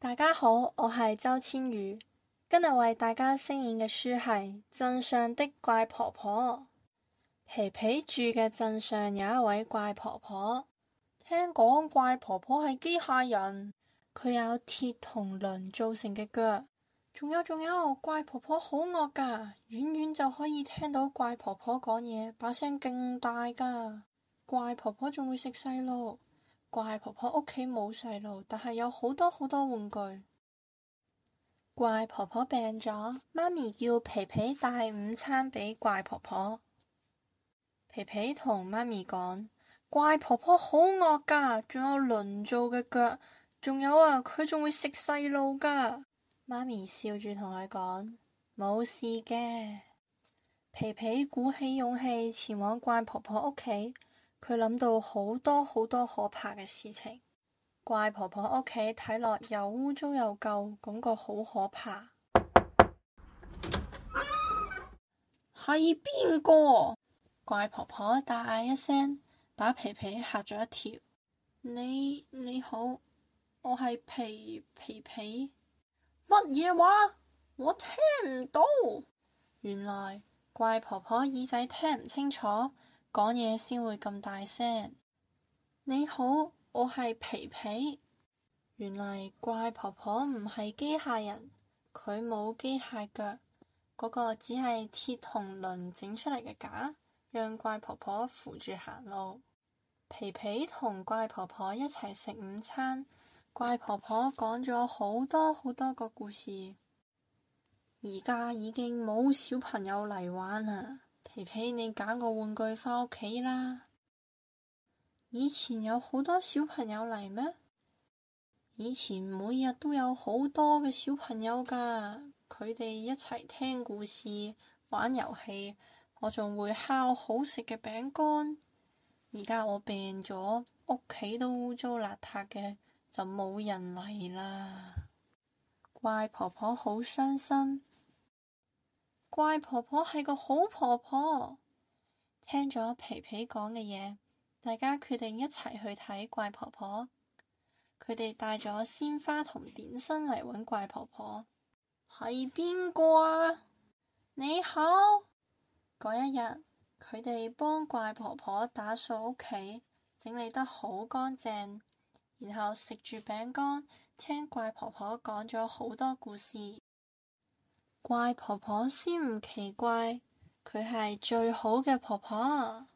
大家好，我係周芊羽，今日為大家聲演嘅書係《鎮上的怪婆婆》。皮皮住嘅鎮上有一位怪婆婆，聽講怪婆婆係機械人，佢有鐵同輪造成嘅腳，仲有仲有怪婆婆好惡噶，遠遠就可以聽到怪婆婆講嘢，把聲更大噶，怪婆婆仲會食細路。怪婆婆屋企冇細路，但係有好多好多玩具。怪婆婆病咗，媽咪叫皮皮帶午餐畀怪婆婆。皮皮同媽咪講：怪婆婆好惡噶，仲有輪做嘅腳，仲有啊，佢仲會食細路噶。媽咪笑住同佢講：冇事嘅。皮皮鼓起勇氣前往怪婆婆屋企。佢諗到好多好多可怕嘅事情，怪婆婆屋企睇落又污糟又舊，感覺好可怕。係邊個？誰怪婆婆大嗌一聲，把皮皮嚇咗一跳。你，你好，我係皮皮皮。乜嘢話？我聽唔到。原來怪婆婆耳仔聽唔清楚。講嘢先會咁大聲。你好，我係皮皮。原來怪婆婆唔係機械人，佢冇機械腳，嗰個只係鐵同輪整出嚟嘅架，讓怪婆婆扶住行路。皮皮同怪婆婆一齊食午餐，怪婆婆講咗好多好多個故事。而家已經冇小朋友嚟玩啦。皮皮，你揀個玩具返屋企啦。以前有好多小朋友嚟咩？以前每日都有好多嘅小朋友噶，佢哋一齊聽故事、玩遊戲，我仲會烤好食嘅餅乾。而家我病咗，屋企都污糟邋遢嘅，就冇人嚟啦。怪婆婆好傷心。怪婆婆係個好婆婆，聽咗皮皮講嘅嘢，大家決定一齊去睇怪婆婆。佢哋帶咗鮮花同點心嚟搵怪婆婆。係邊個啊？你好。嗰一日，佢哋幫怪婆婆打掃屋企，整理得好乾淨，然後食住餅乾，聽怪婆婆講咗好多故事。怪婆婆先唔奇怪，佢係最好嘅婆婆。